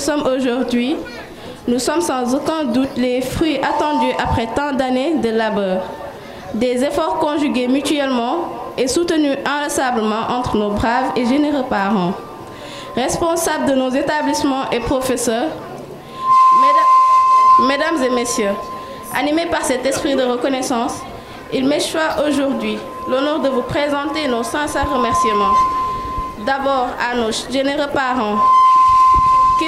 sommes aujourd'hui, nous sommes sans aucun doute les fruits attendus après tant d'années de labeur, des efforts conjugués mutuellement et soutenus inlassablement entre nos braves et généreux parents, responsables de nos établissements et professeurs. Mesdames, et messieurs, animés par cet esprit de reconnaissance, il m'échoit aujourd'hui l'honneur de vous présenter nos sincères remerciements. D'abord à nos généreux parents,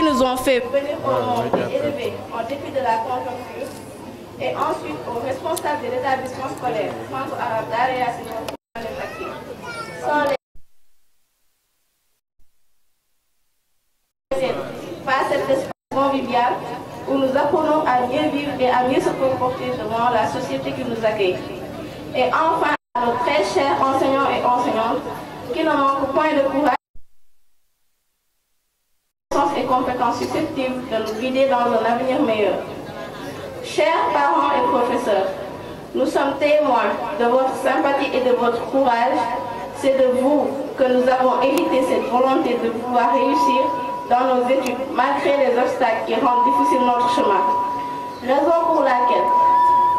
nous ont fait venir au élevé en dépit de la conjoncture, et ensuite aux responsables de l'établissement scolaire, à Arab Nous sommes témoins de votre sympathie et de votre courage. C'est de vous que nous avons hérité cette volonté de pouvoir réussir dans nos études, malgré les obstacles qui rendent difficile notre chemin. Raison pour laquelle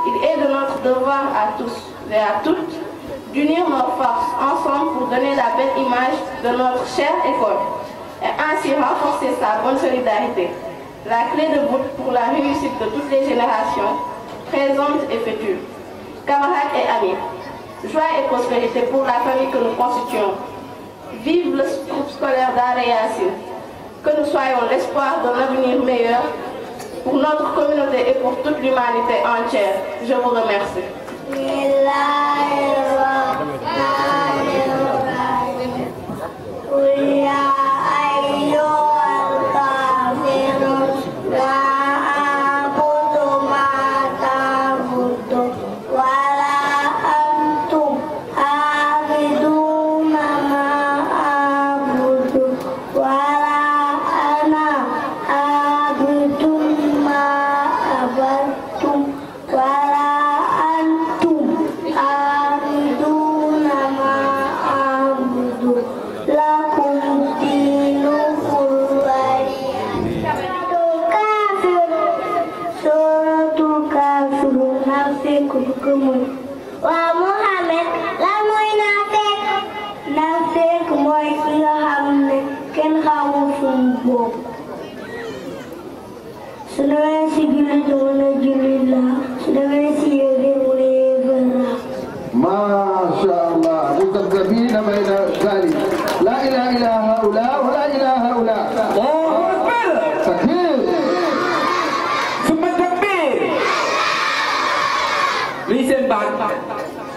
il est de notre devoir à tous et à toutes d'unir nos forces ensemble pour donner la belle image de notre chère école et ainsi renforcer sa bonne solidarité. La clé de voûte pour la réussite de toutes les générations, présentes et futures camarades et amis, joie et prospérité pour la famille que nous constituons. Vive le groupe scolaire d'Aréasine, que nous soyons l'espoir d'un avenir meilleur pour notre communauté et pour toute l'humanité entière. Je vous remercie.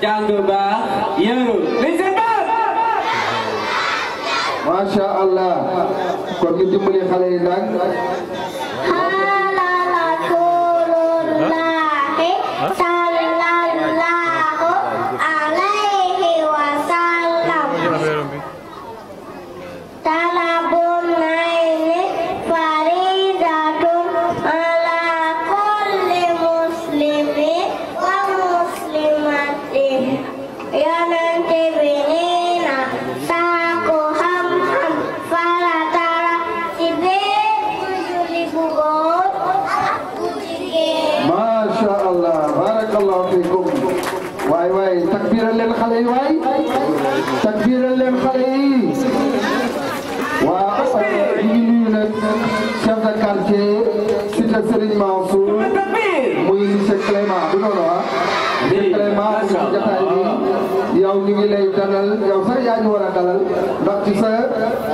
Django by Masya Allah. begitu ñu dimbali xale Cheikh Serigne Mansour muy Cheikh Clément du noonu ah. Cheikh Clément ci jotaay bi yow ñu ngi lay dalal yow sax yaa ñu war a dalal ndax ci sa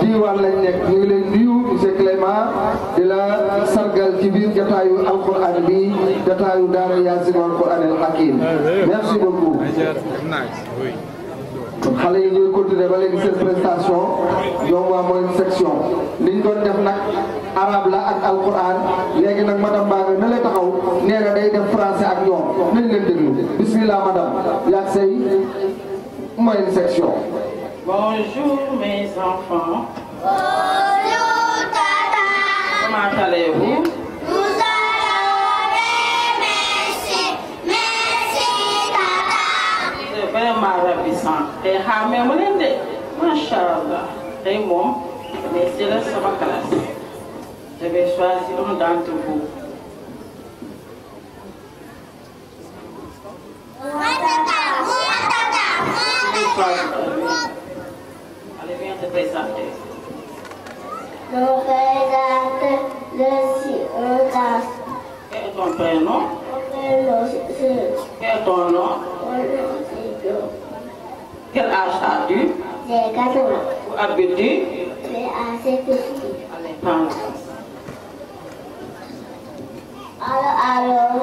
diwaan lañ nekk ñu ngi lay nuyu Cheikh Clément di la sargal ci biir jotaayu alquran bi jotaayu daara Yaasin alquran al hakim merci beaucoup. xale yi ñuy continuer ba léegi seen prestation ñoom waa mooy section liñ doon def nag arab la ak alquran léegi nag madame baa na la taxaw nee na day def français ak ñoom nañ leen déglu bismillah madame yaag say mooy section day eh, xaar mais mulher, leen de macha é tey moom mais c'est la sama classe je vais choisir un d'entre vous. Allez, viens te présenter. Je présente le silence. Quel est ton prénom? Mon prénom, c'est... Quel est ton nom? Mon nom, c'est Quel âge as-tu J'ai 4 ans. Où habites-tu J'ai assez petit. Allez, alors. Allô, allô.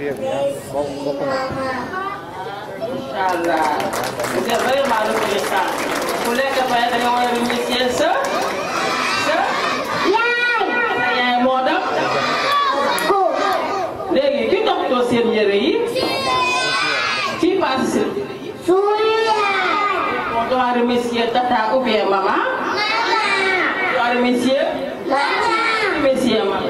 Iya, iya. Insyaallah. Kita bayar malu kita. Boleh ke orang Indonesia se? Ya. Saya modal. kita Siapa sih? Surya. Untuk hari Malaysia aku biar mama. Mama. Mama. mama.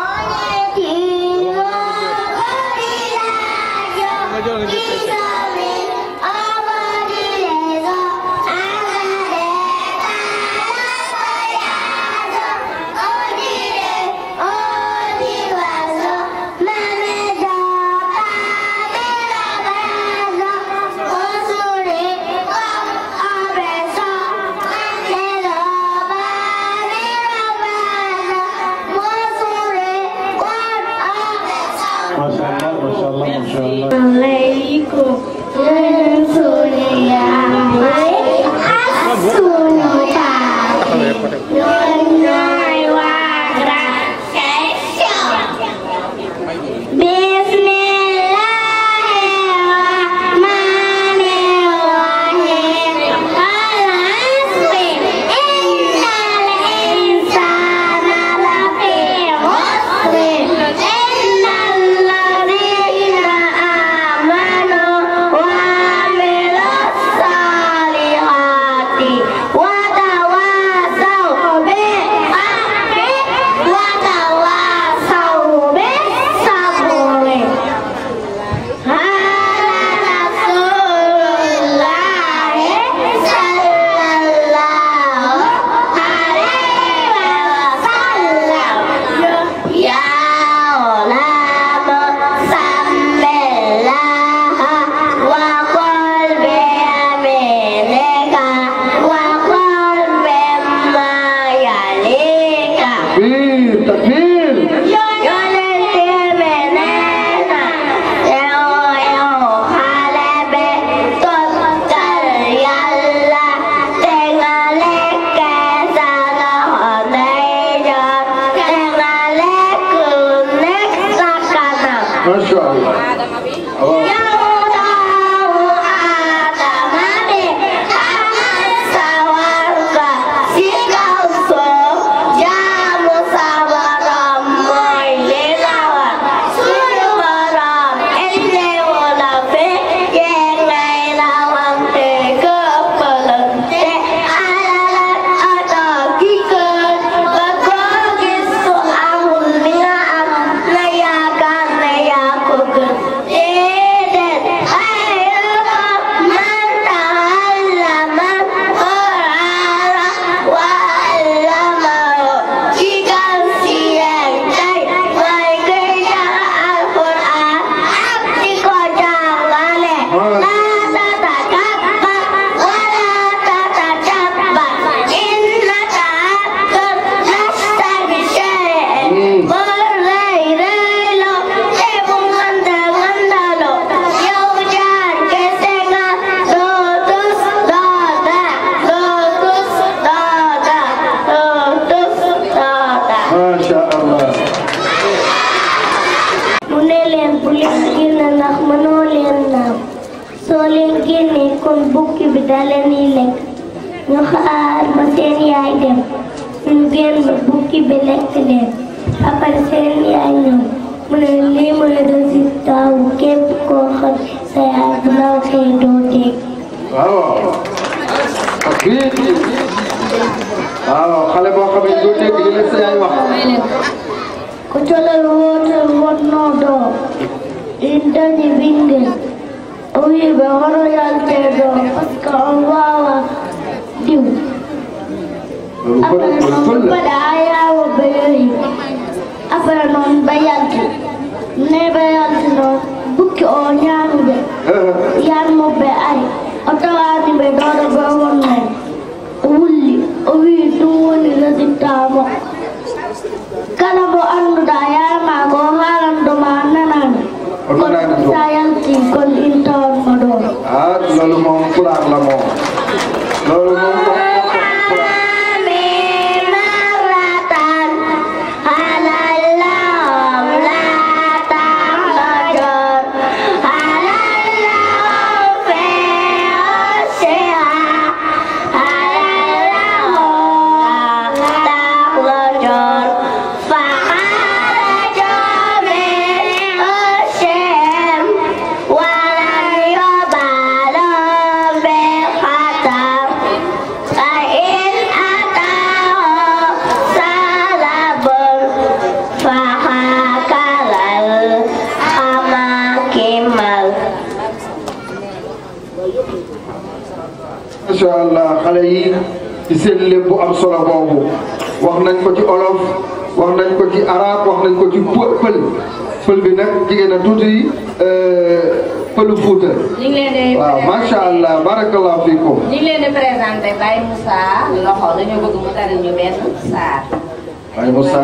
Ujibe horojantego, oskovala diu. Apranon padaya u bejeri. Apranon bajanti. Ne bajanti no, buki onja Lalu mau pulaar la lalu mau. ci arab wax nañ ko euh, allah barakallahu fiikum. ñu leen di présenté Baye Moussa Loxo dañoo mu tari ñu benn saar. Baye Moussa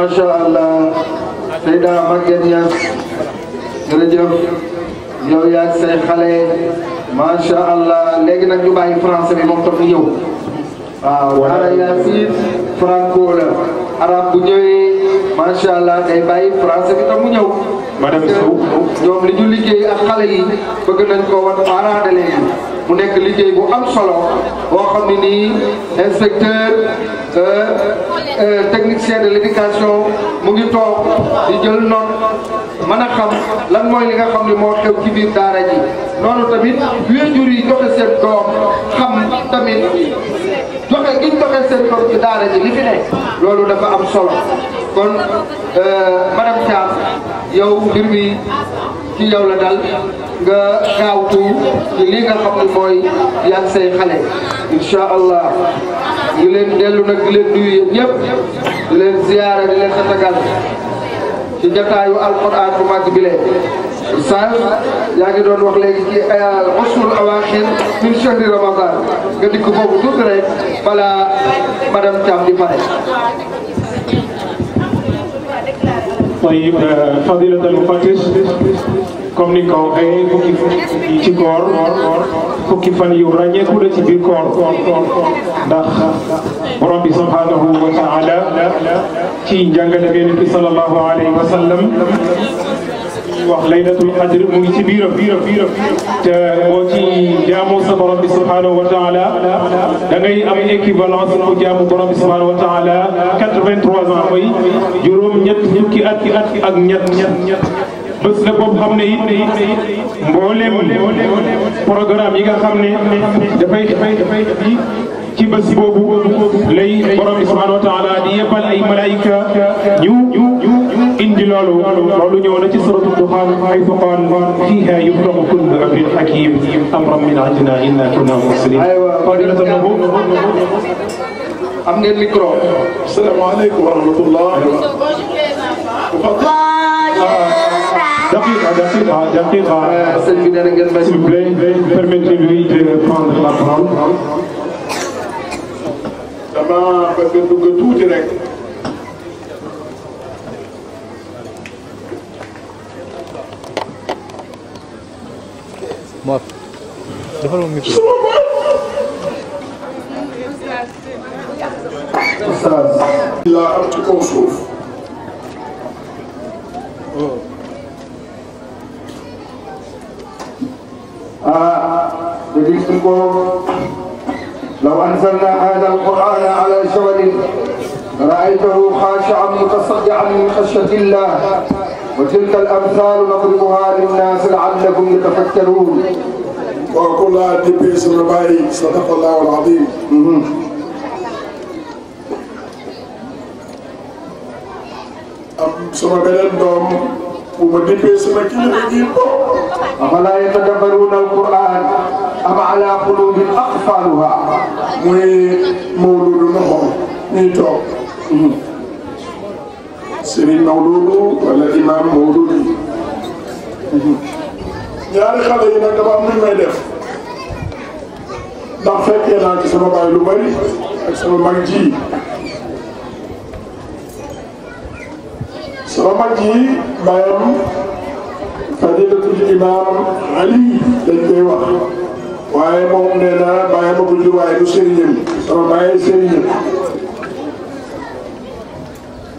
macha allah Seyda Maguette Niass jërëjëf yow yaag say xale macha allah léegi nag ñu bàyyi français bi moom tam ñëw waaw dara yaasin franco la arab bu ñëwee macha allah day bàyyi bi tam mu ñëw. li ñu liggéey ak xale yi bëgg nañ ko wan parents d'élèves mu nekk liggéey bu am solo boo xam ne nii inspecteur euh, euh, technicien de l'éducation mu ngi toog di jël note mën a xam lan mooy li nga xam ni moo xew ci biir daara ji noonu tamit waajur yi joxe seen doom xam tamit joxe giñ joxe seen doom ci daara ji li fi ne loolu dafa am solo kon euh, madame Thiam yow mbir mi ci yow la dal nga gaawtu ci li xam ne mooy yàgg say xale incha allah ñu leen dellu nag di leen nuyu yéen ñëpp di leen ziyaara di leen tatagal ci jataayu alquran bu mag bi leen Oustaz yaa ngi doon wax léegi ci eh, usul awaaxir min shahri ramadan nga dikk boobu tuuti rek balaa madame Thiam di pare. Eh, comme ni nga ko waxee fukki ci koor fukki fan yu ràññeeku la ci biir koor ndax borom bi subhanahu wa taala ci njàngale ngeen bi sallallahu alayhi wa sallam wax laylatul qadr mu ngi ci biiram biiram biiram te boo ci jaamu sa borom bi subhanahu wa taala da ngay am équivalence bu jaamu borom bi subhanahu wa taala quatre-vingt-trois ans mooy juróom ñett fukki at ak ñett bés la boobu xam ne it mboolem programme yi nga xam ne dafay dafay dafay di ci bés boobu lay borom subhanahu wa taala di yebal ay malaayika ñu indi loolu loolu ñëw na ci suratu duxaan xaytu qaal fiha yuftaxu kullu amrin xakim amran min indina inna kunna muslimin aywa fadilata nabu am ngeen micro asalaamaaleykum wa rahmatullah تفضل David, David, David, euh, s'il vous plaît, permettez-lui de prendre la parole. dama bëgg dugg tuuti rek. Mor defal ma micro. Oustaz. la am ci kaw suuf. بذكركم لو أنزلنا هذا القرآن على جبل رأيته خاشعا متصدعا من خشية الله وتلك الأمثال نضربها للناس لعلكم يتفكرون وكل أدي بيس الرباعي صدق الله العظيم sama beneen doom bu ma dippee sama kilifa gi afala yatadabbaruna am ala qulubin aqfaluha muy mawludu loxom ñuy toog mhm. sëriñ mawludu wala imam mawludu mhm. ñaari xale yi nag dafa am nuñ may def fekkee naa ci sama lu bari ak sama mag ji sama mag ji ali dañ koy waaye moom nee na bàyyi ma ko jur waaye du sëriñam sama bàyyi sëriñam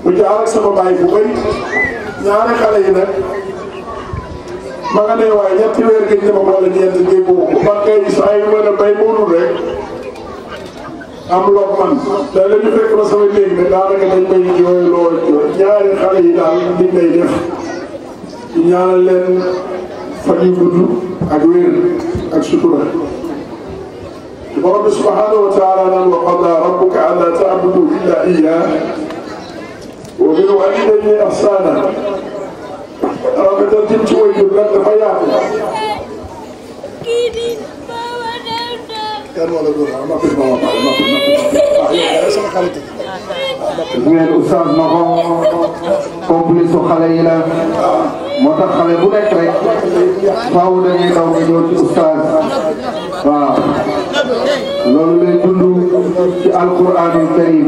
mu jaar ak sama bàyyi bu bëri ñaari xale yi nag ma waaye ñetti weer gëj na ma wala ñeent déggoo ko man kay saa yu mën a bay moodul rek am loog man da la ñu fekk ma sama néeg ne daanaka dañ may jooy loo jooy ñaari xale yi daal di may def ñaanal leen fan yu gudd أجمل أكشكرا رب سبحانه وتعالى لن نعم وقضى ربك على تعبد إلا إياه ومن والدي أحسانا رب تنتمت ويجب لك حياتي kan wala loolu waaw napp ma wax waaw ma ko complice xale yi la moo tax xale bu nekk rek faaw dañuy daw nga ñëw ci oustaz waaw loolu lay dund ci alquranul karim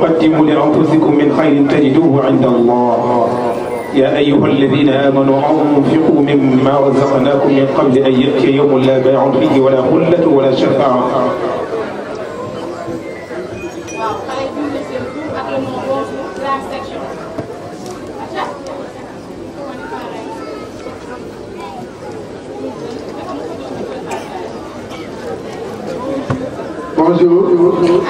تقدموا لأنفسكم من خير تجدوه عند الله يا أيها الذين آمنوا أنفقوا مما رزقناكم من قبل أن يأتي يوم لا بيع فيه ولا خلة ولا شفاعة Bonjour.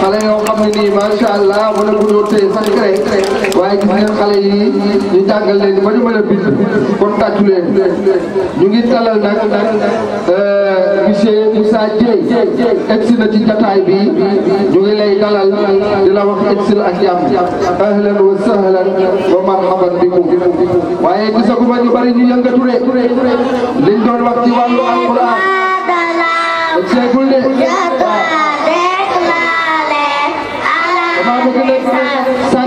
xale yoo xam ne nii macha allah mën a guddoo tey sax waaye gis ngeen xale yi ñu jàngal leen ba ñu mën a bind kon tàccu leen ñu ngi dalal nag euh, monsieur Moussa Dieye egsi na ci jataay bi ñu ngi lay dalal di la wax egsil ak jàmm ahlan wa sahlan wa marhaban bikum waaye gisaguma ñu bari ñu yëngatu rek liñ doon wax ci wàllu alquran. 三三。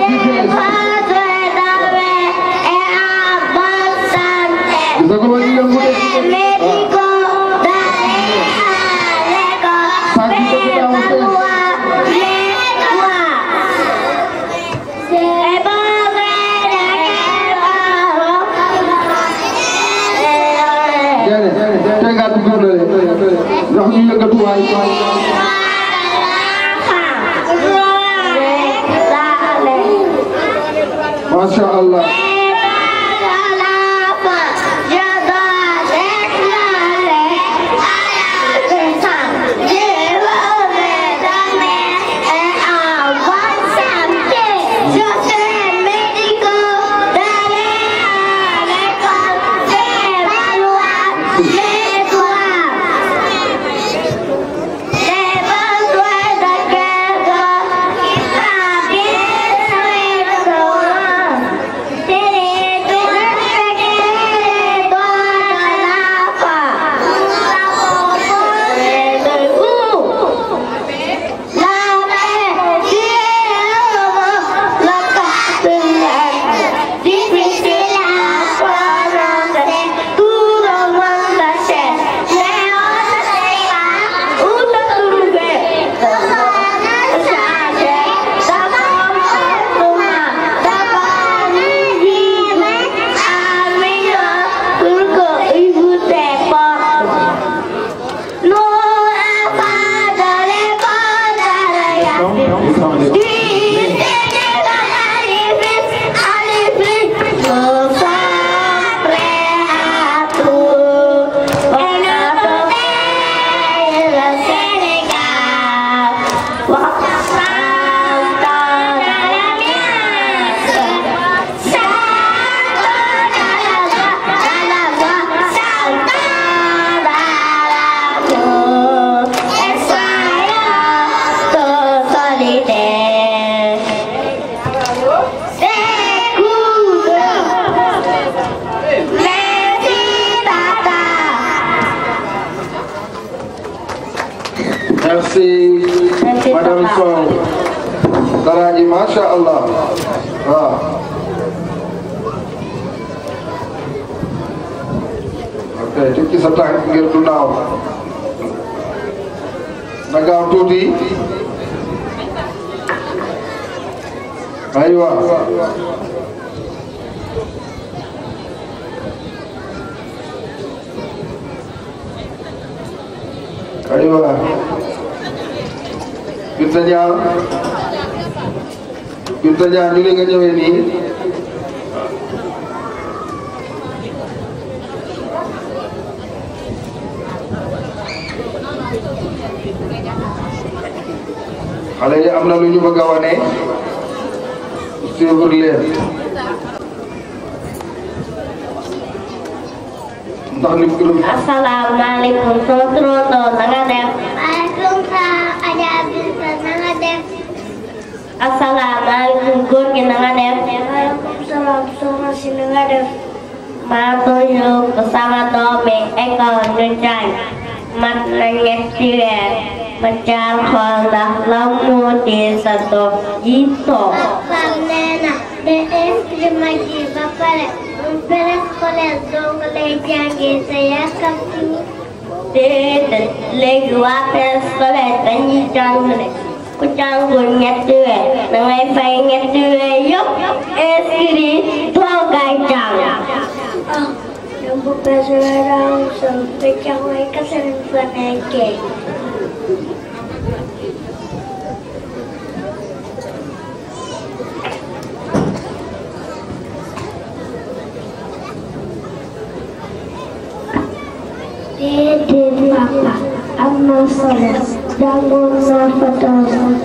tukki sa tànk ngir du naaw na gaaw tuuti aywa aywa Binta Ñaŋ Binta Ñaŋ ñu ne nga ñëwee nii xale yi am na lu ñu bëgg a wane suivre ndax li mu gërëm asalaamaaleykum sama turandoo na nga def maaleykum salaam Adja Binta na nga def asalaamaaleykum góor gi nga def maaleykum salaam soxna si nga def maa toujours sama doom bi ñu mat Mencar khaldah lamun di satu jito. Pamlena BM terima kasih bapak. Umpere sekolah dong lejang saya kampung. Tết lấy qua pes có vẻ tánh như trăng này. Cô trăng của nhà tươi, nàng ấy phải nhà tươi giúp Eskiri thua gai trăng. Đồng bộ bà sẽ ra rau, sầm với cháu ấy các sân phần này kể. Damona Fatana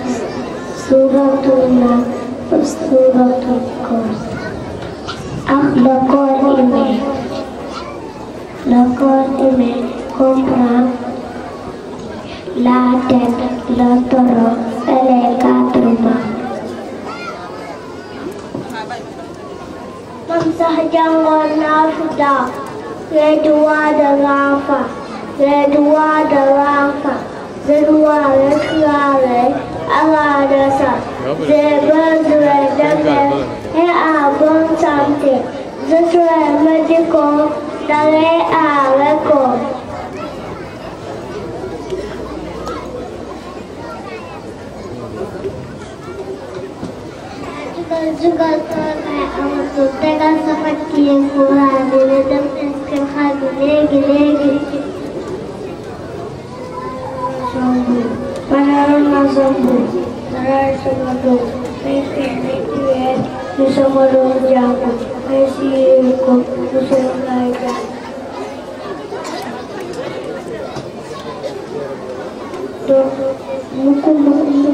Suratuna Suratul Kurs Akhlakon ini Lakon ini Kompran La la toro, De de Laten lotoro elekatruma. Mamsahjang wanafuda. Redua dalafa. Redua dalafa. Zedua rekrare. Aladasa. Zebazredame. He abon something. Zesre medical. Dale aleko. जुगासोना अमसुते का सफर किए पूरा मेरे दम इसके orang गिले गिले गिले Panorama Zambu, Tarai Samadu, Mimpi BTS, Nusamadu Jamu, Messi Eko, Nusamadu Laika. Buku-buku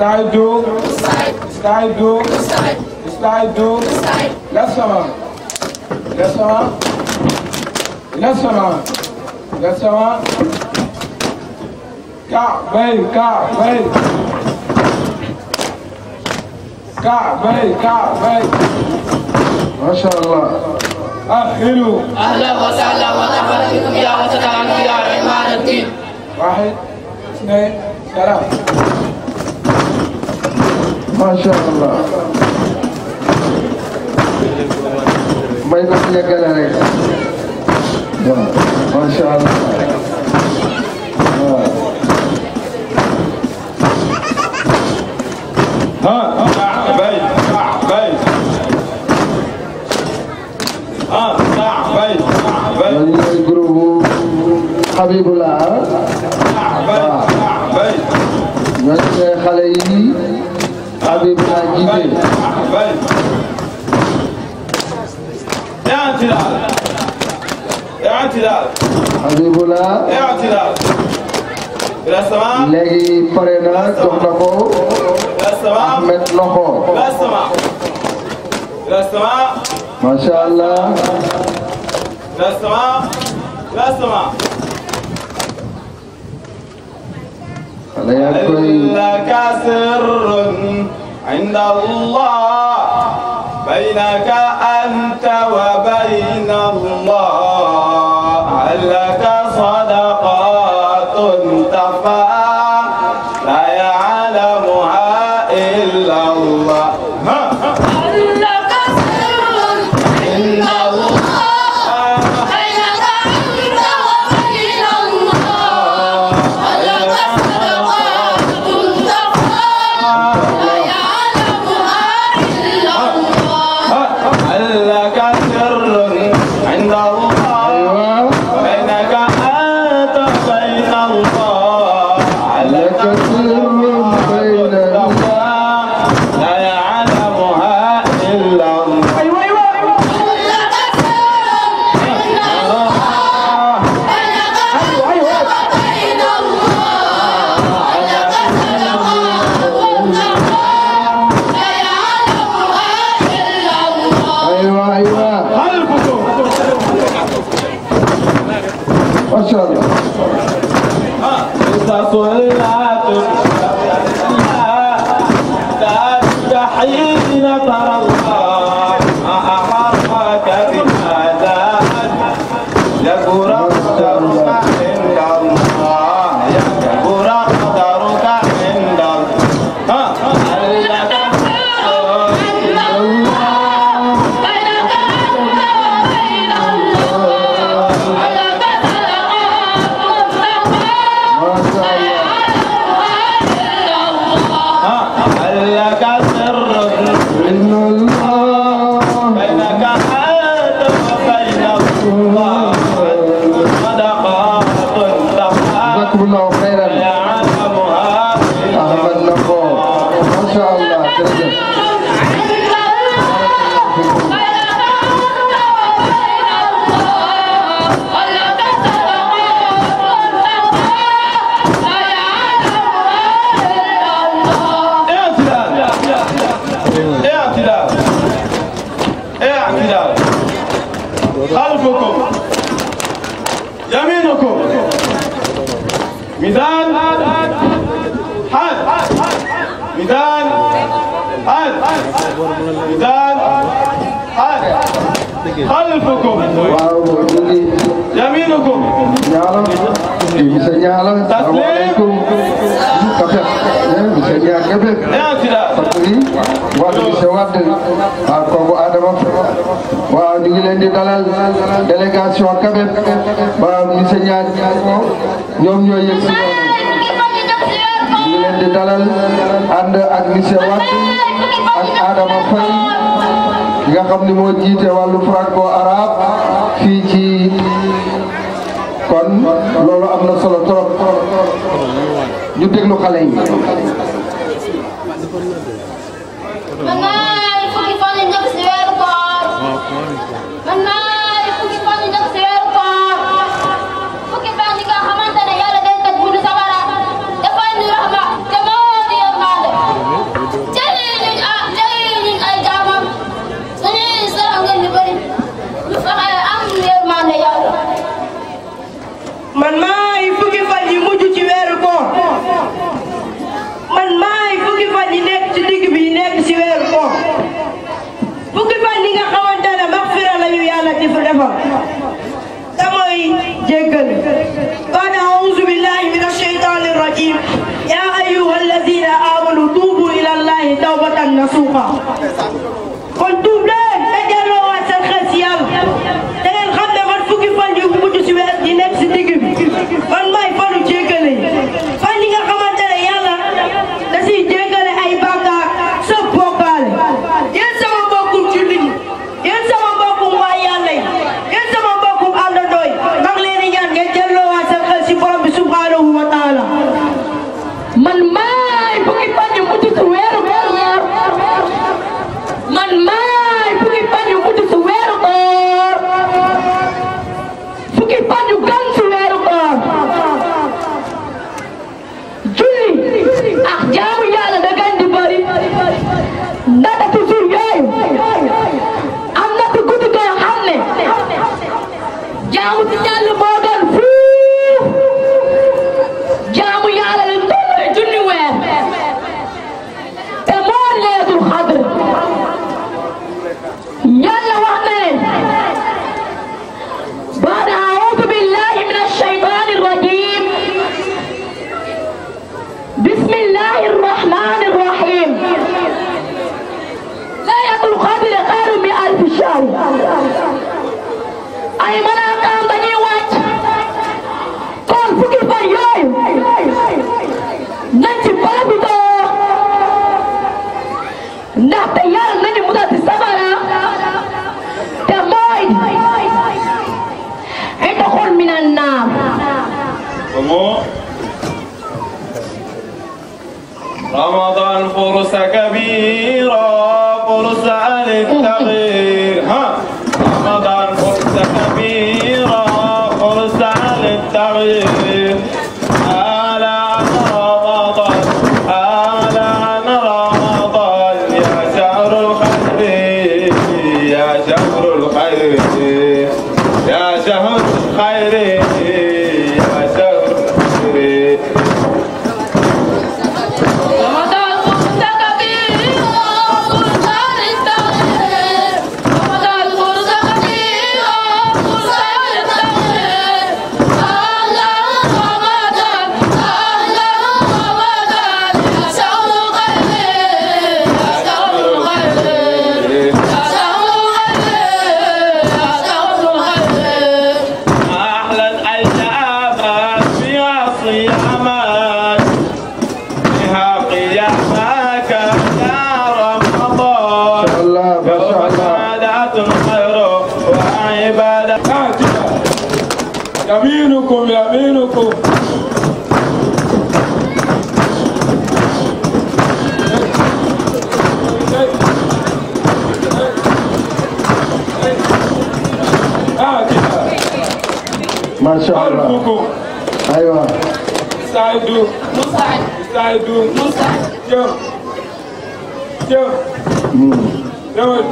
استعدوا استعدوا استعدوا لا السماء لا السماء لا السماء لا السماء كعبين كعبين كعبين كعبين ما شاء الله أخلوا أهلا وسهلا ومرحبا بكم يا وسط يا عماد الدين واحد اثنين ثلاثة macha allah may ko si yeggale rek waaw macha allah حبيبنا اعتدال إلى السماء لغي ما شاء الله إلى السماء لك سر عند الله بينك أنت وبين الله di dalal délégation Kabeb ba monsieur Niang ñoom ñu leen di dalal ànd ak monsieur Wade ak Adama Faye nga xam ni moo franco ci kon loolu am solo trop ñu déglu yi. Mama, fukki fan la njëkk 妈妈。تنقل قال أعوذ بالله من الشيطان الرجيم يا أيها الذين آمنوا توبوا إلى الله توبة نصوحا kon tuub leen te delloowaat seen xel si yàlla te ngeen xam ne man fukki fan yu mujj si weer di nekk si digg bi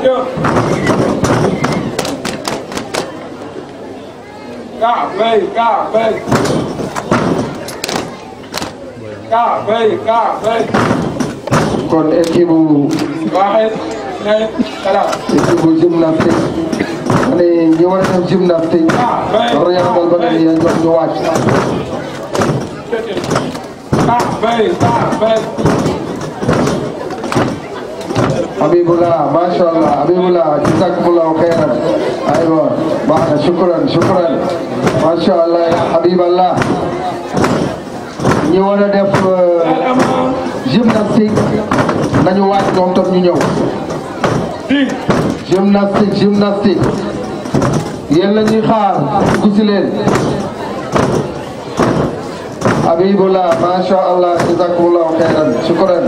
chưa cà phê cà phê cà phê cà phê còn em kia bù và em này ta em kia bù anh nhiều anh em zoom nạp tiền rồi em còn còn nhiều anh em watch cà phê cà Habibullah মাশাআল্লাহ হাবিবুল্লাহ জাযাকুমুল্লাহ খাইরান আইবা মা শুকরান শুকরান মাশাআল্লাহ ইয়া হাবিবাল্লাহ ñu war a def gymnastique nañu waaj ñoom tam ñu ñëw gymnastique gymnastique yéen la ñuy xaar dugg si leen habibullah ma sha allah jazakumullahu khairan shukran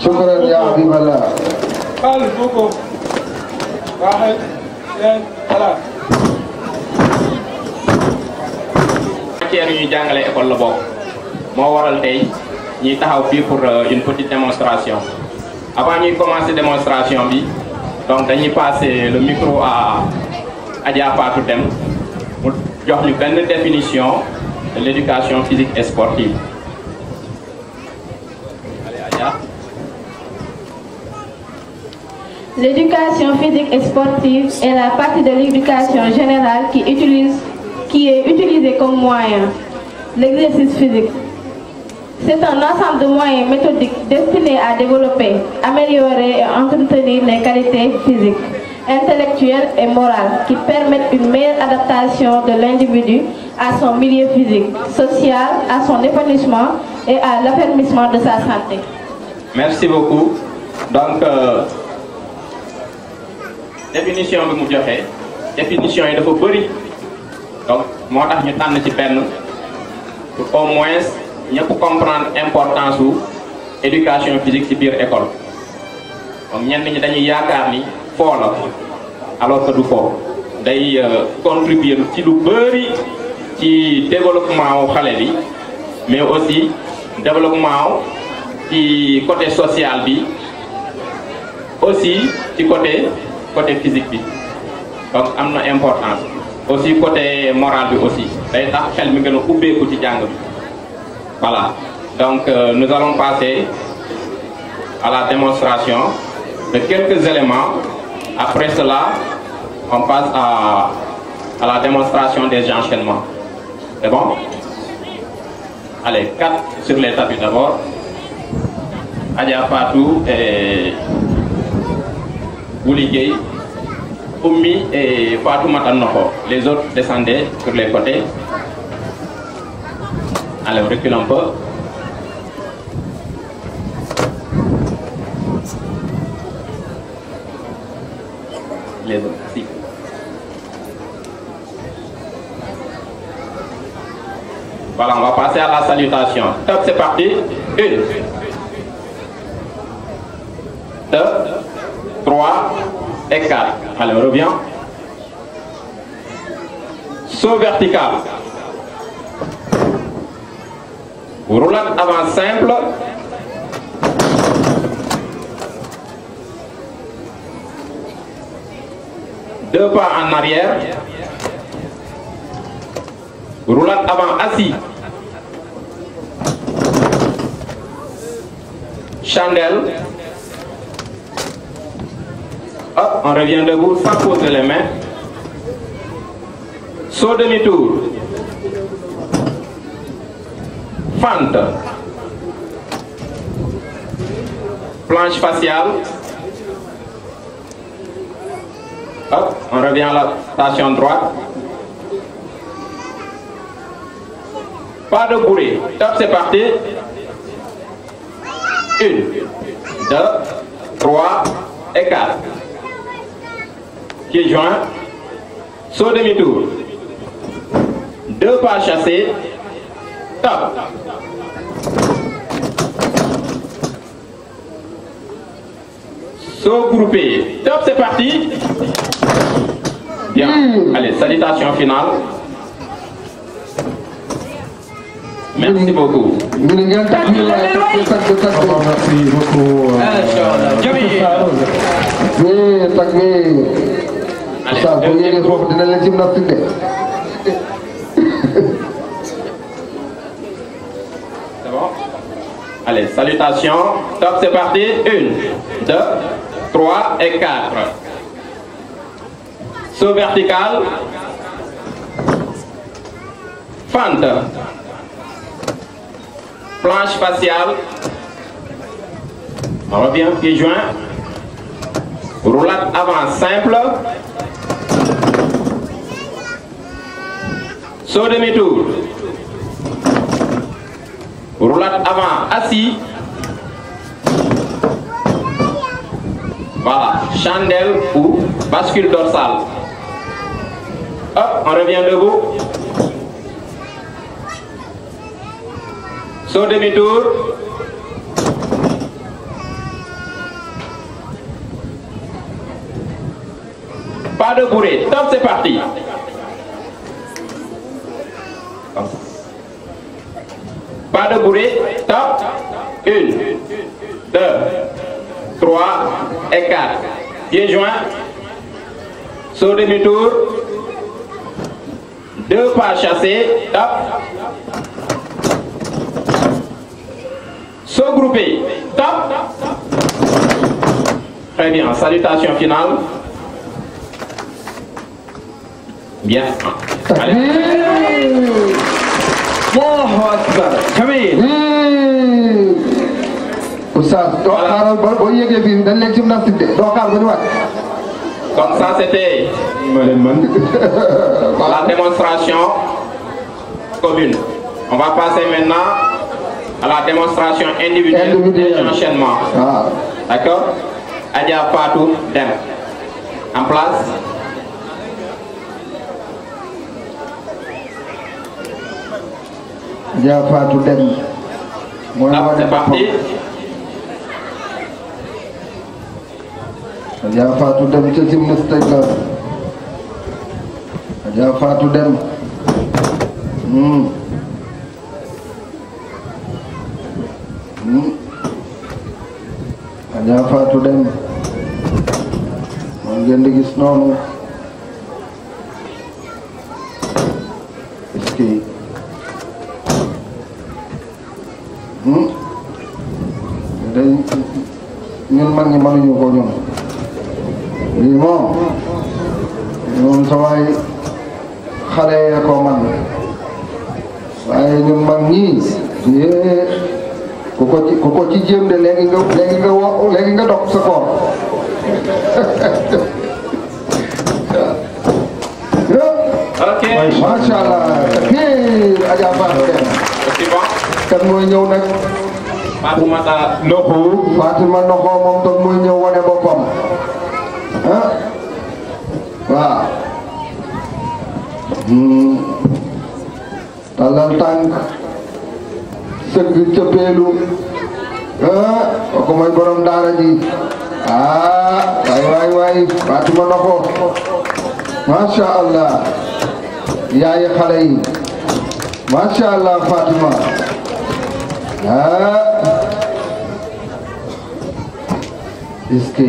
شكرا يا حبيب الله قال بوكو واحد اثنين ثلاث Nous yu ñu école waral pour euh, une petite démonstration avant de commencer démonstration bi donc dañuy passer le micro à Adja Fatou Deme mu jox ñu définition de l'éducation physique et sportive L'éducation physique et sportive est la partie de l'éducation générale qui, utilise, qui est utilisée comme moyen. L'exercice physique. C'est un ensemble de moyens méthodiques destinés à développer, améliorer et entretenir les qualités physiques, intellectuelles et morales qui permettent une meilleure adaptation de l'individu à son milieu physique, social, à son épanouissement et à l'affermissement de sa santé. Merci beaucoup. Donc, euh, définition bi mu joxe définition yi dafa bëri donc moo tax ñu tànn ci benn pour au moins ñëpp comprendre importance su éducation physique ci biir école donc ñenn ñi dañuy yaakaar ni foo la alors du foo day euh, contribuer ci lu bëri ci développement wu xale bi mais aussi développement wu ci côté sociale bi aussi ci côté. côté physique il donc a une importance aussi côté moral aussi voilà donc euh, nous allons passer à la démonstration de quelques éléments après cela on passe à à la démonstration des enchaînements c'est bon allez quatre sur les tapis d'abord Adia Fatou et vous et Les autres descendaient sur les côtés. Allez, reculons un peu. Les autres, Voilà, on va passer à la salutation. Top, c'est parti. Une. Deux. 3 et 4. Allez, on revient. Saut vertical. Roulade avant simple. Deux pas en arrière. Roulade avant assis. Chandelle. Hop, on revient debout sans poser les mains. Saut demi-tour. Fente. Planche faciale. Hop, on revient à la station droite. Pas de bruit. Top, c'est parti. Une, deux, trois et quatre qui est joint, saut demi-tour. Deux pas chassés, top. Saut groupé, top, c'est parti. Bien, hmm. allez, salutation finale. Merci beaucoup. Merci beaucoup. Euh, euh, allez salutations top c'est parti une deux trois et quatre saut vertical fente planche faciale on revient pieds joints roulade avant simple Saut demi-tour. Roulade avant, assis. Voilà, chandelle ou bascule dorsale. Hop, on revient debout. Saut demi-tour. Pas de bourrée. Top, c'est parti. Pas de bruit. Top. Une, deux, trois et quatre. Bien joint Saut demi-tour. Deux pas chassés. Top. Se groupé. Top. Très bien. salutation finale Bien. الله أكبر جميل ça دوكار بوي يجي في دلك جبنا سيدي دوكار بنوات Comme ça, c'était la démonstration commune. On va passer maintenant à la démonstration individuelle, des enchaînements. Ah. D'accord. D'accord Adia Fatou Dem. En place ja faatu dem mooy wane boppam ja faatu dem ca ci mustaga ja faatu dem hmm hmm ja ya, faatu dem mo ngeen gis noonu mag ñi mënuñu ko ñun lii moom ñun samay xale ya waaye ñun mag ñii yée ku ko ci ku nga léegi nga wo léegi nga dox sa koor ok allah. kii Adja Fatou Seye. kan mooy Fatoumata Noxo Fatima Noxo moom tam muy ñëw wane boppam ah hmm. waaw talal tànk sëgg cëppeelu ah kooku mooy borom daara ji ah waay waay waay Fatouma Noxo masha Allah yaayi xale yi masya Allah ya, ya, Fatima, ah इसकी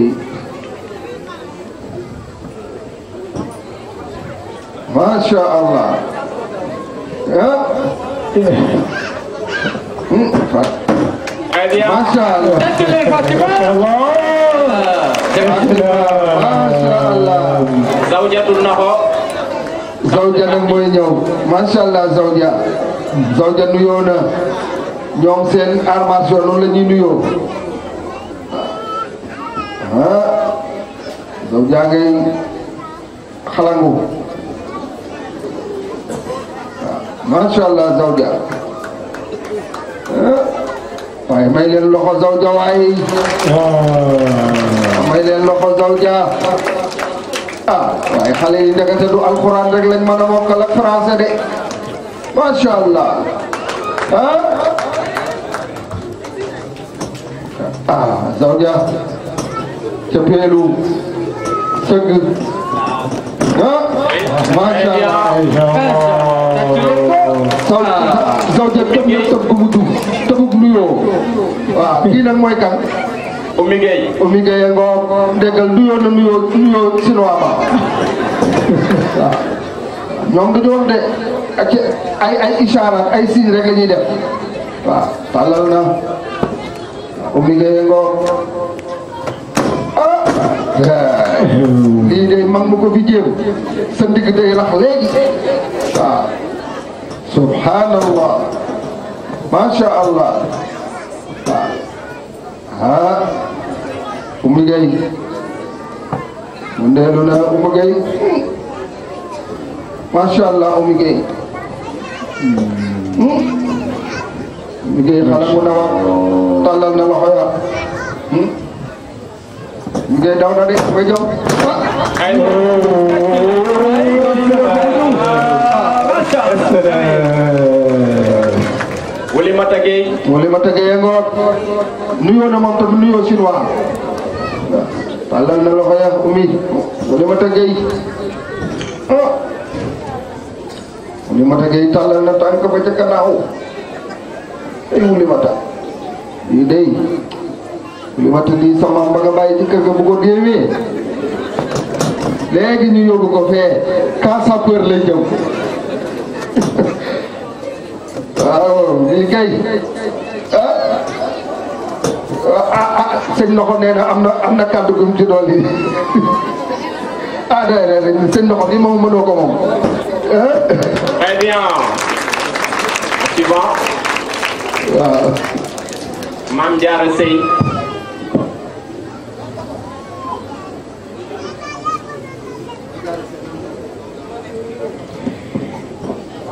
माशा अल्लाह माशा अल्लाह Zawjatul Naho Zawja nag mooy ñëw allah Zawja Zawja nuyoo na ñoom seen armation noonu la ñuy nuyoo ah doom jaa ngay xalangu ah, macha allah zawja ah, waaye may leen loxo zawja waay ah. may leen loxo zawja ah waaye xale yi ndekete du alxuraan rek lañ mën a mokkal ak français de macha allah ah zawja ca peelu sëgg ah macha allah saw ja tëb na tëb gu mu dugg tëbug nuyoo waaw kii nag mooy kan Oumy Gueye Oumy Gueye ngoo déggal nuyoo na nuyoo nuyoo sinuwaa ba waaw ñoom dañoo wax de ak ay ay ishaara ay signe rek la ñuy def waaw tàllal na Oumy Gueye ngoo lii day mag mu ko fi jéem sa subhanallah Masya allah waaw ah Oumou Gueye mu ndeelu na Oumou allah umi Gueye Oumou Gueye xala mu na wax tàllal na DJ Daud tadi Wejo. Wali mata Wali mata gay Nuyo na mom nuyo sin Talal na lo kaya umi. Wali mata Wali mata talal na tangka pa ka nao. Eh wali mata. Idei. li ma lii ba nga bàyyi ci kër ga bu ko géewee léegi ñu yóbbu ko fee ka sapeur lay jëm waaw lii kay ah, ah, ah sëñ loxo nee na am na kàddu gum ci dool ah day day sëñ loxo bi moom mënoo ko moom. très bien. suivant. waaw. Mame Diarra Seye.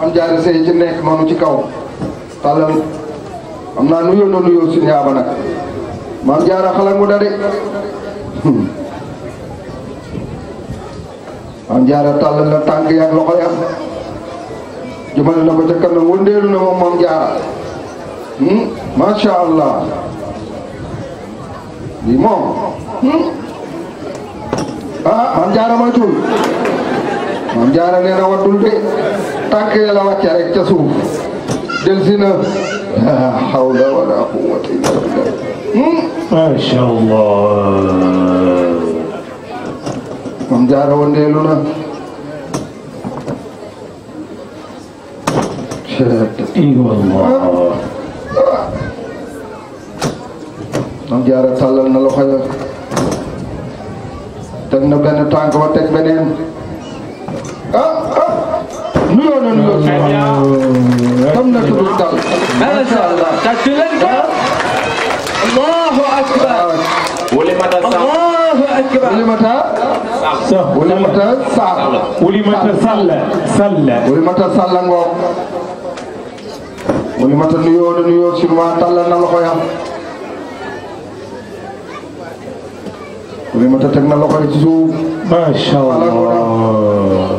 am jaari sey ci nekk ci kaw xalal am naa nuyoo na nuyoo suñu yaaba nag maam jaara xalal dade maam jaara tàllal na tànk yaag loxo ya jumale na ko ca kanam wëndeelu na moom maam jaara hmm? macha allah moom hmm? ah jaara moytul waddul de tànk ya la wàcce rek la hawla wala quwwata illa billah masha Allah mam jaara wondeelu na wallah mam jaara tàllal na loxo beneen ah, ah. nuyoo na nuyoo si waaw xam na tudd daal. macha allah tàcc leen الله اكبر ولمتى صعب ولمتى صعب ولمتى صلى صلى ولمتى صلى نغو نيو نيو سي ما تالا نا لوخو يام ما شاء الله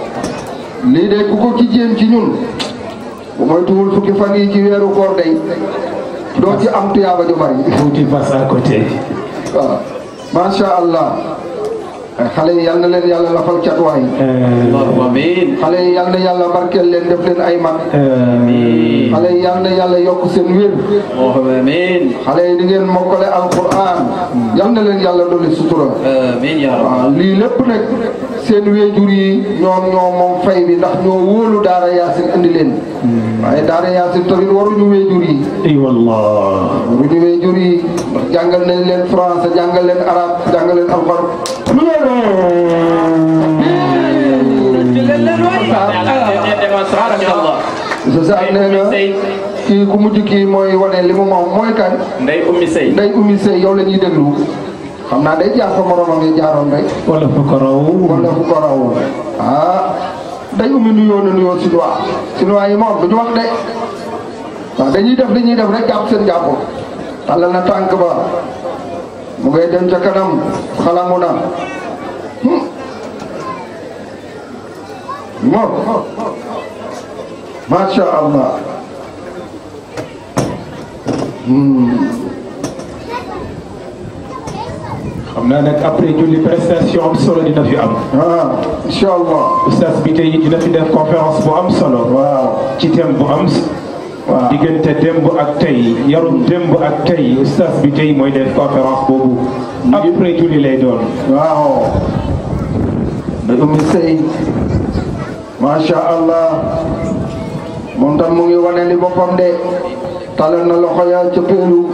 lii de ku ko ci jéem ci ñun bu moytuwul fukki fan yi weeru koor doo ci am tuyaaba ju bari. tuuti pass à côté. waaw macha allah. xale yi yal na leen yàlla lafal catuwaay. amiin xale yi yal na yàlla barkeel leen def leen ay mag. amiin xale yi yal na yàlla yokk seen wér. amiin xale yi di ngeen mokkale alquran. Hmm. yal na leen yàlla dolli sutura. amiin yaa rabbi ah, lii lépp nag seen wéjur yi ñoom ñoo moom fay bi ndax ñoo wóolu daara yaasin andi leen. Hmm. waaye daara yaasin tamit waruñu wéjur yi. ay wallah waruñu wéjur yi. ndax nañ leen français jàngal leen arabe jàngal leen alxuraan. kii ku mujj kii mooy wane li mu moom mooy kan. Ndeye Oumy Seye Ndeye Oumy Seye yow la ñuy déglu. xam naa day jaar fa moromam yi jaaroon rek. wala fu ko raw. wala fu ko raw ah Ndeye Oumy nuyoo na nuyoo chinois chinois yi moom du ñu wax de waaw dañuy def dañuy def rek jàpp seen jàpp. tàllal tànk ba. mu ngay dem ca kanam na moom macha allah hmm. xam naa nag après julli prestation am solo dina fi am. waaw ah, incha allah. oustaz bi tey dina fi def conférence bu am solo. waaw ci thème bu diggante démb ak tey yarum démb ak tey oustaz bi tey mooy def conférence boobu après julli lay doon waaw da nah, umi sëy macha allah moom tam mu ngi wane ni boppam de talal na loxo ya ca péeru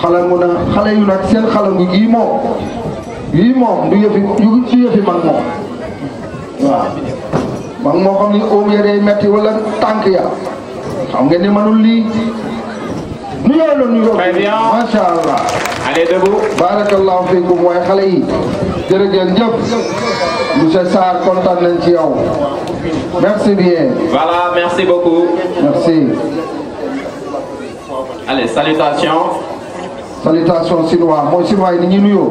xalangu na xale yu nag seen xalangu gi moom du yëfi du yefi mag moom waaw mag mo xam ni óom metti wala tànk ya xam ngeen ni manul lii. nuyoo la nuyoo. très bien macha allah. allez debout. barakallahu fiikum waaye xale yi. jërëjëf ñëpp. monsieur Sarr kontaan nañ ci yow. merci bien. voilà merci beaucoup. merci. allez salutations. salutations chinois Moi, chinois yi ni ñuy nuyoo.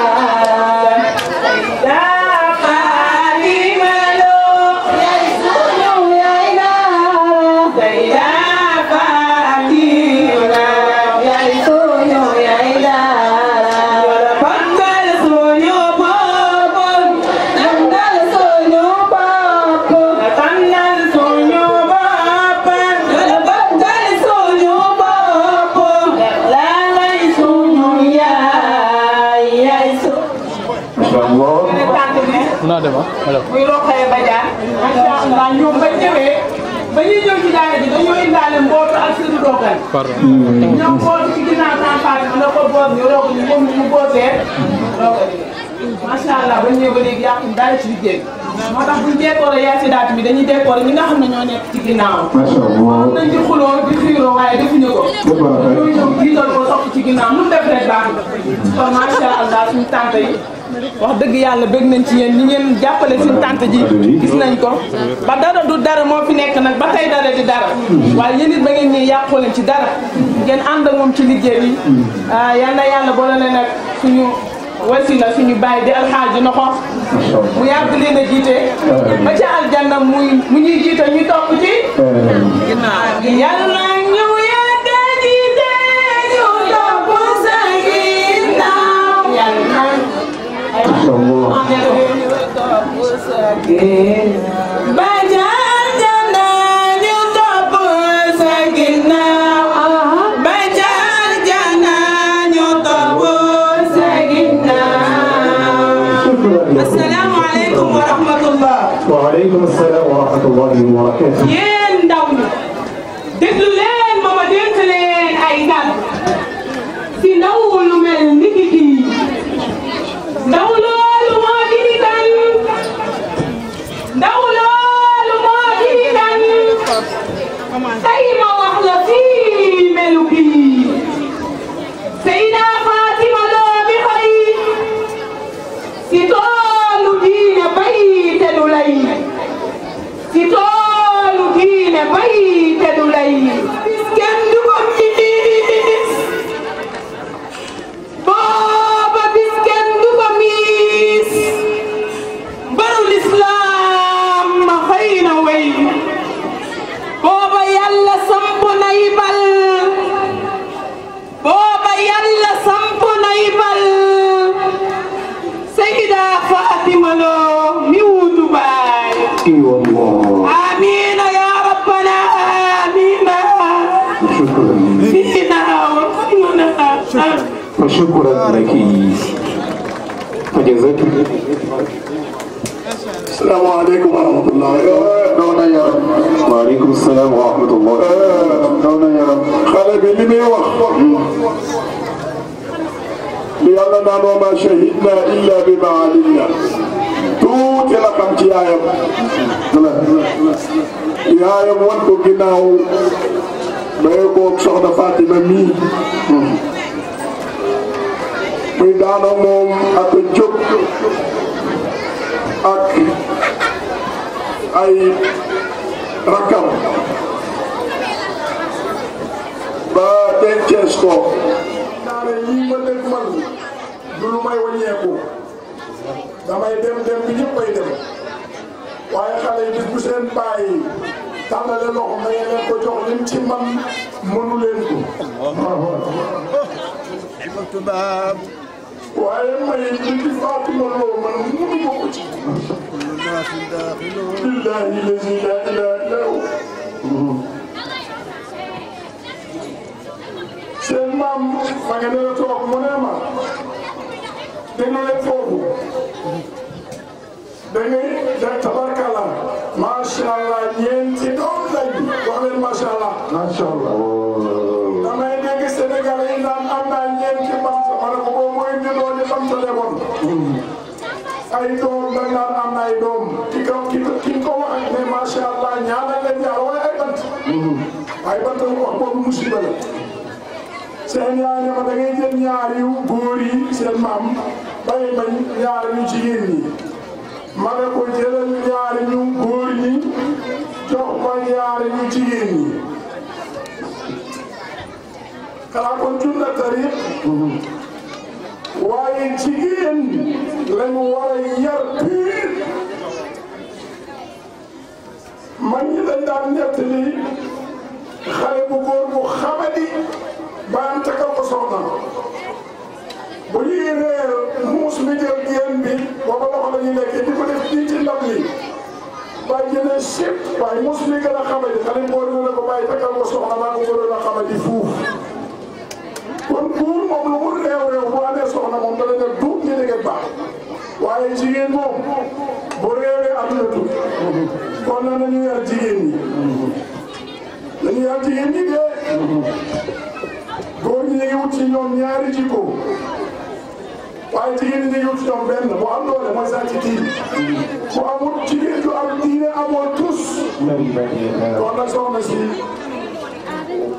pardon ñoom xool ci ginnaaw tàmpaay bi la ko boot ñu roog ñu moom ñu bootee roog a liggéey macha allah ba ñëwee ba léegi yàqum daal ci liggéey moo tax buñ décoré yaa si daat bi dañuy décoré ñi nga xam ne ñoo nekk ci ginnaaw moom nañ ko ñooy ñëw jiital ko sopp ci ginnaaw lu def rek baax kon macha allah suñu wax dëgg yàlla bëgg nañ ci yéen ñi ngeen jàppale suñu tante ji gis nañ ko ba dara du dara moo fi nekk nag ba tey dara di dara waaye yéen it ba ngeen ñuy yàqoo leen ci dara ngeen ànd ak moom ci liggéey bi ah, yal na yàlla boole leen ak suñu wasila suñu bàyyi di alxaaji na ko mu yàgg leen a jiite ba ca aljanna muy mu ñuy jiite ñu topp ci waaleykum salaam wa rahmatullahi wa barakatuh. yéen ndaw ñi déglu Come on. Say it. شكرا لك فجزاك السلام عليكم ورحمة الله نونا نعم يا رب وعليكم السلام ورحمة الله نونا نعم يا رب خلق اللي بيوخ لأننا وما شهدنا إلا بما علمنا tuuti la xam ci yaayam yaayam wan ko ginnaaw bayoo koog soxna Fatima mii muy daana moom ak jóg ak ay rakkam ba dencees ko daane yi ma dégg man lu may waññeeku damay dem dem bi ñëpp ay dem waaye xale yi bis bu seen bàyyi tàllale loxo ma ngeen leen ko jox lim ci man mënu leen ko waaye may li ci Fatima ma ko ci. billahi lazi la ilaha illa hu. seen maam ma nga nee toog mu ne ma déglu leen foofu da ngay da tabarkala macha allah ñeenti doom lañu wax leen macha allah. macha allah. damay dégg Sénégal yi naan boo koy jëloon li bam tële woon. ay doom da naan am ay doom. ki ko ki ki ko wax ak ne macha allah ñaanal leen jaar waaye ay bant. ay bant la wax boobu musiba la. seen yaay ne ko da ngay jël ñaar yu góor yi seen maam bay bañ ñaar yu jigéen ñi. ma ne ko jëlal ñaar ñu góor ñi jox ko ñaar ñu jigéen ñi. kala ko junna tariq. waaye jigéen lañu war a yar piir ma ñi dañ daan nettali xale góor bu xamadi baan takal ko soxna bu ñuy reer muus mi jël génn bi booba loxo la ñuy lekk di ko def fii ci ndab li bàyyi jëne sip waaye muus mi gën a xamadi xale góor na la ko bàyyi takal ko soxna maa ko góor a xamadi fuuf kon buur moom lu mu réew réew bu amee soxna moom dana ne du ñu ne ngeen baax waaye jigéen moom bu réewee adduna tut kon na nañu yar jigéen ñi nañu yar jigéen ñi de góor ñi ñu ngi wut ci ñoom ñaari jikko waaye jigéen ñi ñu ngi wut ci ñoom benn bu am doole mooy saa ci diin bu amul jigéen ju am diine amoo tus kon nag soxna si